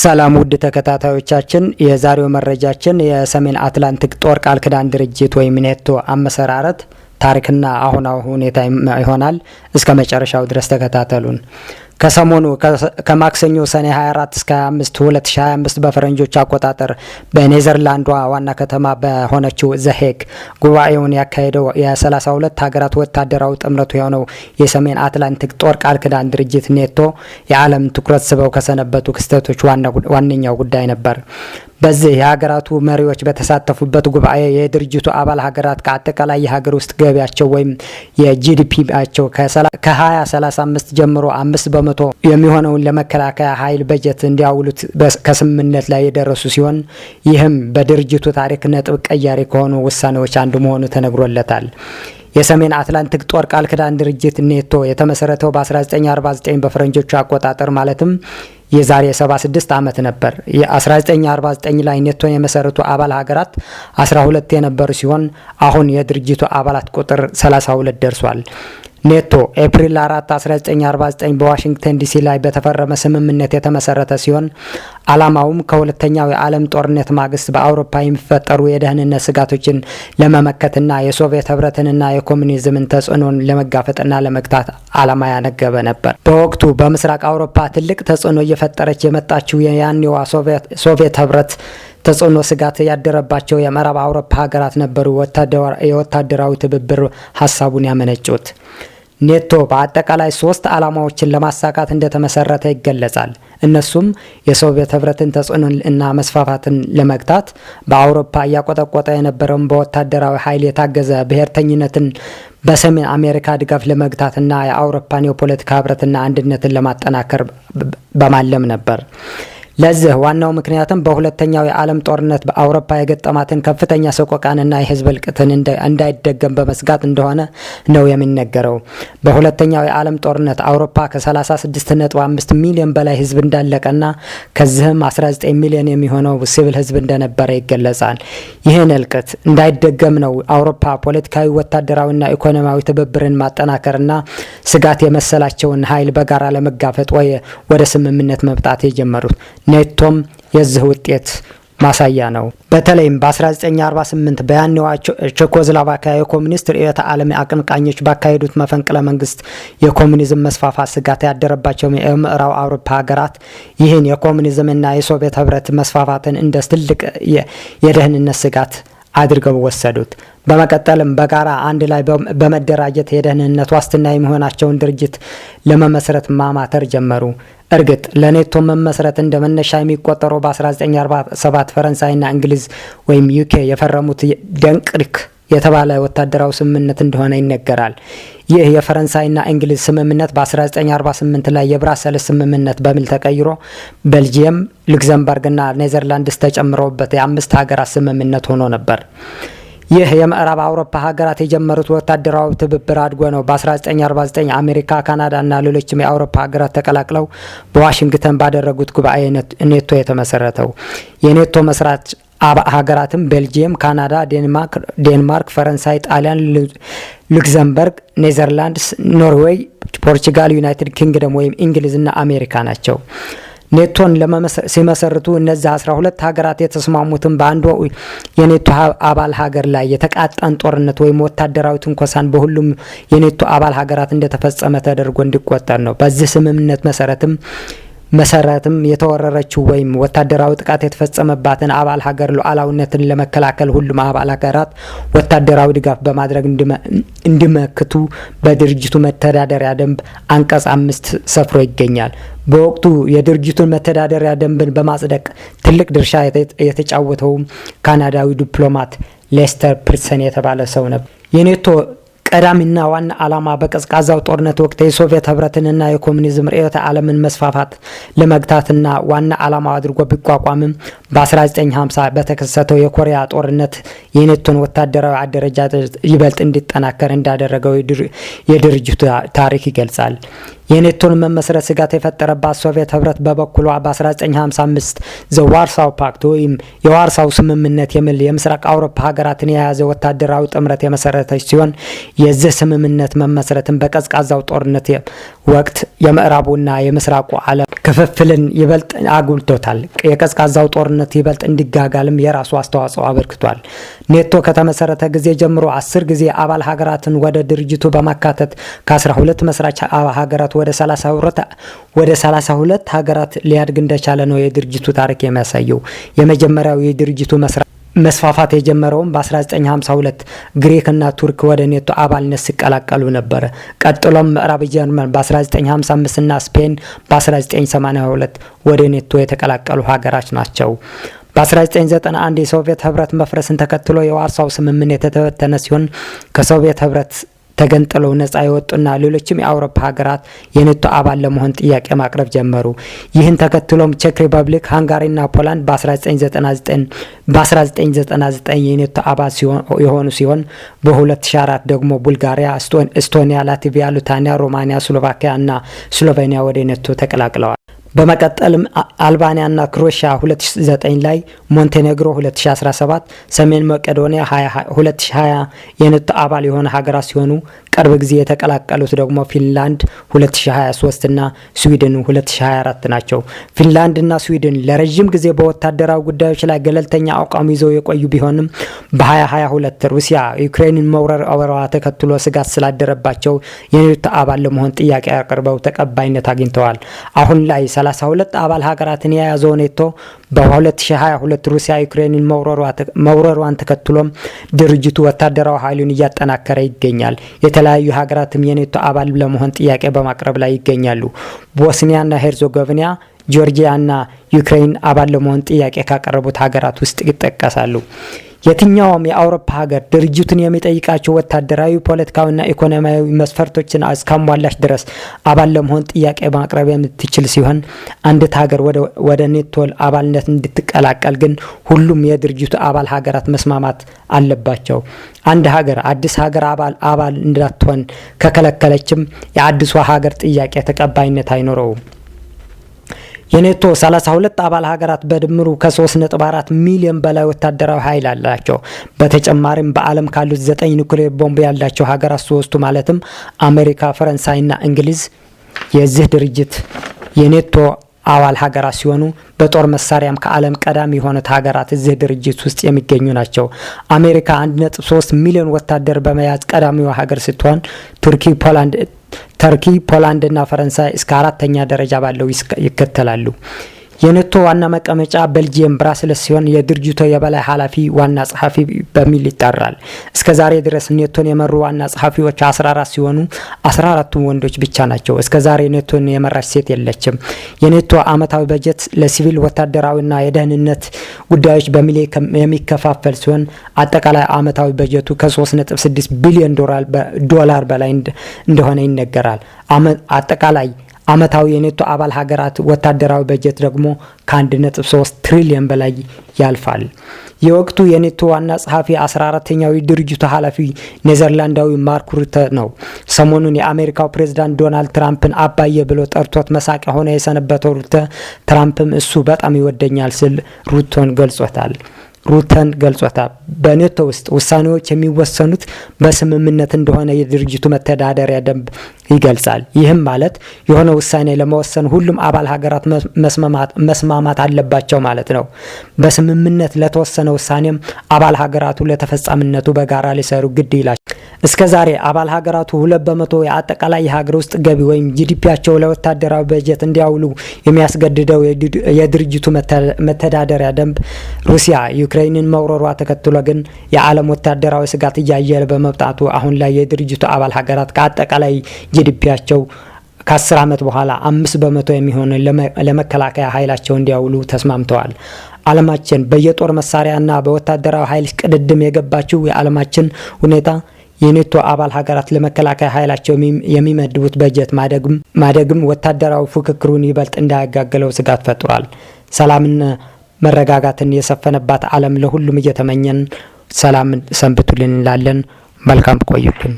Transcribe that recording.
ሰላም ውድ ተከታታዮቻችን፣ የዛሬው መረጃችን የሰሜን አትላንቲክ ጦር ቃል ክዳን ድርጅት ወይም ኔቶ አመሰራረት ታሪክና አሁናዊ ሁኔታ ይሆናል። እስከ መጨረሻው ድረስ ተከታተሉን። ከሰሞኑ ከማክሰኞ ሰኔ 24 እስከ 25 2025 በፈረንጆች አቆጣጠር በኔዘርላንዷ ዋና ከተማ በሆነችው ዘሄግ ጉባኤውን ያካሄደው የ32 ሀገራት ወታደራዊ ጥምረቱ የሆነው የሰሜን አትላንቲክ ጦር ቃል ክዳን ድርጅት ኔቶ የዓለም ትኩረት ስበው ከሰነበቱ ክስተቶች ዋነኛው ጉዳይ ነበር። በዚህ የሀገራቱ መሪዎች በተሳተፉበት ጉባኤ የድርጅቱ አባል ሀገራት ከአጠቃላይ የሀገር ውስጥ ገቢያቸው ወይም የጂዲፒያቸው ከሀያ ሰላሳ አምስት ጀምሮ አምስት በመቶ የሚሆነውን ለመከላከያ ኃይል በጀት እንዲያውሉት ከስምምነት ላይ የደረሱ ሲሆን ይህም በድርጅቱ ታሪክ ነጥብ ቀያሪ ከሆኑ ውሳኔዎች አንዱ መሆኑ ተነግሮለታል። የሰሜን አትላንቲክ ጦር ቃል ክዳን ድርጅት ኔቶ የተመሰረተው በ1949 በፈረንጆቹ አቆጣጠር ማለትም የዛሬ 76 ዓመት ነበር። የ1949 ላይ ኔቶን የመሰረቱ አባል ሀገራት 12 የነበሩ ሲሆን አሁን የድርጅቱ አባላት ቁጥር 32 ደርሷል። ኔቶ ኤፕሪል 4 1949 በዋሽንግተን ዲሲ ላይ በተፈረመ ስምምነት የተመሰረተ ሲሆን አላማውም ከሁለተኛው የዓለም ጦርነት ማግስት በአውሮፓ የሚፈጠሩ የደህንነት ስጋቶችን ለመመከትና የሶቪየት ህብረትንና የኮሚኒዝምን ተጽዕኖን ለመጋፈጥና ለመግታት አላማ ያነገበ ነበር። በወቅቱ በምስራቅ አውሮፓ ትልቅ ተጽዕኖ እየፈጠረች የመጣችው የያኔዋ ሶቪየት ህብረት ተጽዕኖ ስጋት ያደረባቸው የምዕራብ አውሮፓ ሀገራት ነበሩ የወታደራዊ ትብብር ሀሳቡን ያመነጩት። ኔቶ በአጠቃላይ ሶስት ዓላማዎችን ለማሳካት እንደተመሰረተ ይገለጻል። እነሱም የሶቪየት ህብረትን ተጽዕኖ እና መስፋፋትን ለመግታት፣ በአውሮፓ እያቆጠቆጠ የነበረውን በወታደራዊ ኃይል የታገዘ ብሔርተኝነትን በሰሜን አሜሪካ ድጋፍ ለመግታትና የአውሮፓን የፖለቲካ ህብረትና አንድነትን ለማጠናከር በማለም ነበር። ለዚህ ዋናው ምክንያትም በሁለተኛው የዓለም ጦርነት በአውሮፓ የገጠማትን ከፍተኛ ሰቆቃንና የህዝብ እልቅትን እንዳይደገም በመስጋት እንደሆነ ነው የሚነገረው። በሁለተኛው የዓለም ጦርነት አውሮፓ ከ36.5 ሚሊዮን በላይ ህዝብ እንዳለቀና ከዚህም 19 ሚሊዮን የሚሆነው ሲቪል ህዝብ እንደነበረ ይገለጻል። ይህን እልቅት እንዳይደገም ነው አውሮፓ ፖለቲካዊ፣ ወታደራዊና ኢኮኖሚያዊ ትብብርን ማጠናከርና ስጋት የመሰላቸውን ኃይል በጋራ ለመጋፈጥ ወደ ስምምነት መምጣት የጀመሩት። ኔቶም የዚህ ውጤት ማሳያ ነው። በተለይም በ1948 በያኔዋ ቼኮዝላቫኪያ የኮሚኒስት ርዕዮተ ዓለም አቀንቃኞች ባካሄዱት መፈንቅለ መንግስት የኮሚኒዝም መስፋፋት ስጋት ያደረባቸው የምዕራብ አውሮፓ ሀገራት ይህን የኮሚኒዝምና የሶቪየት ህብረት መስፋፋትን እንደ ትልቅ የደህንነት ስጋት አድርገው ወሰዱት። በመቀጠልም በጋራ አንድ ላይ በመደራጀት የደህንነት ዋስትና የሚሆናቸውን ድርጅት ለመመስረት ማማተር ጀመሩ። እርግጥ ለኔቶ መመስረት እንደ መነሻ የሚቆጠረው በ1947 ፈረንሳይና እንግሊዝ ወይም ዩኬ የፈረሙት ደንቅሪክ የተባለ ወታደራዊ ስምምነት እንደሆነ ይነገራል። ይህ የፈረንሳይና እንግሊዝ ስምምነት በ1948 ላይ የብራሰልስ ስምምነት በሚል ተቀይሮ ቤልጅየም፣ ሉክዘምበርግና ኔዘርላንድስ ተጨምረውበት የአምስት ሀገራት ስምምነት ሆኖ ነበር። ይህ የምዕራብ አውሮፓ ሀገራት የጀመሩት ወታደራዊ ትብብር አድጎ ነው። በ1949 አሜሪካ፣ ካናዳና ሌሎችም የአውሮፓ ሀገራት ተቀላቅለው በዋሽንግተን ባደረጉት ጉባኤ ኔቶ የተመሰረተው። የኔቶ መስራች ሀገራትም ቤልጅየም፣ ካናዳ፣ ዴንማርክ፣ ፈረንሳይ፣ ጣሊያን፣ ሉክዘምበርግ፣ ኔዘርላንድስ፣ ኖርዌይ፣ ፖርቹጋል፣ ዩናይትድ ኪንግደም ወይም እንግሊዝና አሜሪካ ናቸው። ኔቶን ሲመሰርቱ እነዚህ ሁለት ሀገራት የተስማሙትን በአንዱ የኔቶ አባል ሀገር ላይ የተቃጣን ጦርነት ወይም ወታደራዊ ትንኮሳን በሁሉም የኔቶ አባል ሀገራት እንደተፈጸመ ተደርጎ እንዲቆጠር ነው። በዚህ ስምምነት መሰረትም መሰረትም የተወረረችው ወይም ወታደራዊ ጥቃት የተፈጸመባትን አባል ሀገር ሉዓላዊነትን ለመከላከል ሁሉም አባል ሀገራት ወታደራዊ ድጋፍ በማድረግ እንዲመክቱ በድርጅቱ መተዳደሪያ ደንብ አንቀጽ አምስት ሰፍሮ ይገኛል። በወቅቱ የድርጅቱን መተዳደሪያ ደንብን በማጽደቅ ትልቅ ድርሻ የተጫወተውም ካናዳዊ ዲፕሎማት ሌስተር ፕርሰን የተባለ ሰው ነበር። የኔቶ ቀዳሚና ዋና ዓላማ በቀዝቃዛው ጦርነት ወቅት የሶቪየት ህብረትንና የኮሚኒዝም ርዕዮተ ዓለምን መስፋፋት ለመግታትና ዋና ዓላማ አድርጎ ቢቋቋምም በ1950 በተከሰተው የኮሪያ ጦርነት የኔቶን ወታደራዊ አደረጃጀት ይበልጥ እንዲጠናከር እንዳደረገው የድርጅቱ ታሪክ ይገልጻል። የኔቶን መመስረት ስጋት የፈጠረባት ሶቪየት ህብረት በበኩሏ በ1955 ዘ ዋርሳው ፓክት ወይም የዋርሳው ስምምነት የሚል የምስራቅ አውሮፓ ሀገራትን የያዘ ወታደራዊ ጥምረት የመሰረተች ሲሆን የዚህ ስምምነት መመስረትን በቀዝቃዛው ጦርነት ወቅት የምዕራቡና የምስራቁ ዓለም ክፍፍልን ይበልጥ አጉልቶታል። የቀዝቃዛው ጦርነት ይበልጥ እንዲጋጋልም የራሱ አስተዋጽኦ አበርክቷል። ኔቶ ከተመሰረተ ጊዜ ጀምሮ አስር ጊዜ አባል ሀገራትን ወደ ድርጅቱ በማካተት ከ12 መስራች ሀገራት ወደ 32 ሀገራት ሊያድግ እንደቻለ ነው የድርጅቱ ታሪክ የሚያሳየው። የመጀመሪያው የድርጅቱ መስራ መስፋፋት የጀመረውም በ1952 ግሪክና ቱርክ ወደ ኔቶ አባልነት ሲቀላቀሉ ነበር ቀጥሎም ምዕራብ ጀርመን በ1955 እና ስፔን በ1982 ወደ ኔቶ የተቀላቀሉ ሀገራች ናቸው። በ1991 የሶቪየት ህብረት መፍረስን ተከትሎ የዋርሳው ስምምነት የተበተነ ሲሆን ከሶቪየት ህብረት ተገንጥለው ነፃ የወጡና ሌሎችም የአውሮፓ ሀገራት የኔቶ አባል ለመሆን ጥያቄ ማቅረብ ጀመሩ። ይህን ተከትሎም ቼክ ሪፐብሊክ፣ ሃንጋሪና ፖላንድ በ1999 የኔቶ አባል የሆኑ ሲሆን በ2004 ደግሞ ቡልጋሪያ፣ ስቶኒያ፣ ላትቪያ፣ ሉታንያ፣ ሮማንያ፣ ስሎቫኪያ እና ስሎቬኒያ ወደ ኔቶ ተቀላቅለዋል። በመቀጠልም አልባንያና ክሮሽያ 2009 ላይ፣ ሞንቴኔግሮ 2017፣ ሰሜን መቄዶኒያ 2020 የንጥ አባል የሆነ ሀገራት ሲሆኑ ቅርብ ጊዜ የተቀላቀሉት ደግሞ ፊንላንድ 2023 እና ስዊድን 2024 ናቸው። ፊንላንድ እና ስዊድን ለረዥም ጊዜ በወታደራዊ ጉዳዮች ላይ ገለልተኛ አቋም ይዘው የቆዩ ቢሆንም በ2022 ሩሲያ ዩክሬንን መውረር አበረዋ ተከትሎ ስጋት ስላደረባቸው የኔቶ አባል ለመሆን ጥያቄ አቅርበው ተቀባይነት አግኝተዋል። አሁን ላይ 32 አባል ሀገራትን የያዘው ኔቶ በ2022 ሩሲያ ዩክሬንን መውረሯን ተከትሎም ድርጅቱ ወታደራዊ ኃይሉን እያጠናከረ ይገኛል። የተለያዩ ሀገራትም የኔቶ አባል ለመሆን ጥያቄ በማቅረብ ላይ ይገኛሉ። ቦስኒያና ሄርዞጎቪና ጆርጂያና ዩክሬን አባል ለመሆን ጥያቄ ካቀረቡት ሀገራት ውስጥ ይጠቀሳሉ። የትኛውም የአውሮፓ ሀገር ድርጅቱን የሚጠይቃቸው ወታደራዊ፣ ፖለቲካዊና ኢኮኖሚያዊ መስፈርቶችን እስካሟላሽ ድረስ አባል ለመሆን ጥያቄ ማቅረብ የምትችል ሲሆን አንዲት ሀገር ወደ ኔቶ አባልነት እንድትቀላቀል ግን ሁሉም የድርጅቱ አባል ሀገራት መስማማት አለባቸው። አንድ ሀገር አዲስ ሀገር አባል አባል እንዳትሆን ከከለከለችም የአዲሷ ሀገር ጥያቄ ተቀባይነት አይኖረውም። የኔቶ 32 አባል ሀገራት በድምሩ ከ3.4 ሚሊዮን በላይ ወታደራዊ ኃይል አላቸው። በተጨማሪም በዓለም ካሉት ዘጠኝ ኒኩሌር ቦምብ ያላቸው ሀገራት ሶስቱ ማለትም አሜሪካ፣ ፈረንሳይና እንግሊዝ የዚህ ድርጅት የኔቶ አባል ሀገራት ሲሆኑ በጦር መሳሪያም ከዓለም ቀዳሚ የሆኑት ሀገራት እዚህ ድርጅት ውስጥ የሚገኙ ናቸው። አሜሪካ 1.3 ሚሊዮን ወታደር በመያዝ ቀዳሚዋ ሀገር ስትሆን ቱርኪ፣ ፖላንድ ተርኪ፣ ፖላንድ እና ፈረንሳይ እስከ አራተኛ ደረጃ ባለው ይከተላሉ። የኔቶ ዋና መቀመጫ ቤልጅየም ብራስልስ ሲሆን የድርጅቱ የበላይ ኃላፊ ዋና ጸሐፊ በሚል ይጠራል። እስከ ዛሬ ድረስ ኔቶን የመሩ ዋና ጸሐፊዎች 14 ሲሆኑ 14 ቱ ወንዶች ብቻ ናቸው። እስከ ዛሬ ኔቶን የመራች ሴት የለችም። የኔቶ አመታዊ በጀት ለሲቪል ወታደራዊና የደህንነት ጉዳዮች በሚል የሚከፋፈል ሲሆን አጠቃላይ አመታዊ በጀቱ ከ3.6 ቢሊዮን ዶላር በላይ እንደሆነ ይነገራል። አጠቃላይ አመታዊ የኔቶ አባል ሀገራት ወታደራዊ በጀት ደግሞ ከ1.3 ትሪሊዮን በላይ ያልፋል። የወቅቱ የኔቶ ዋና ጸሐፊ 14ተኛው ድርጅቱ ኃላፊ ኔዘርላንዳዊ ማርክ ሩተ ነው። ሰሞኑን የአሜሪካው ፕሬዝዳንት ዶናልድ ትራምፕን አባዬ ብሎ ጠርቶት መሳቂያ ሆነ የሰነበተው ሩተ ትራምፕም እሱ በጣም ይወደኛል ስል ሩቶን ገልጾታል። ሩተን ገልጾታል። በኔቶ ውስጥ ውሳኔዎች የሚወሰኑት በስምምነት እንደሆነ የድርጅቱ መተዳደሪያ ደንብ ይገልጻል። ይህም ማለት የሆነ ውሳኔ ለመወሰን ሁሉም አባል ሀገራት መስማማት አለባቸው ማለት ነው። በስምምነት ለተወሰነ ውሳኔም አባል ሀገራቱ ለተፈጻሚነቱ በጋራ ሊሰሩ ግድ ይላቸው እስከ ዛሬ አባል ሀገራቱ ሁለት በመቶ የአጠቃላይ የሀገር ውስጥ ገቢ ወይም ጂዲፒያቸው ለወታደራዊ በጀት እንዲያውሉ የሚያስገድደው የድርጅቱ መተዳደሪያ ደንብ ሩሲያ ዩክሬንን መውረሯ ተከትሎ ግን የዓለም ወታደራዊ ስጋት እያየለ በመምጣቱ አሁን ላይ የድርጅቱ አባል ሀገራት ከአጠቃላይ ጂዲፒያቸው ከአስር ዓመት በኋላ አምስት በመቶ የሚሆን ለመከላከያ ኃይላቸው እንዲያውሉ ተስማምተዋል። አለማችን በየጦር መሳሪያና በወታደራዊ ኃይል ቅድድም የገባችው የአለማችን ሁኔታ የኔቶ አባል ሀገራት ለመከላከያ ኃይላቸው የሚመድቡት በጀት ማደግም ወታደራዊ ፉክክሩን ይበልጥ እንዳያጋገለው ስጋት ፈጥሯል። ሰላምና መረጋጋትን የሰፈነባት ዓለም ለሁሉም እየተመኘን ሰላም ሰንብቱልን እንላለን። መልካም ቆዩልን።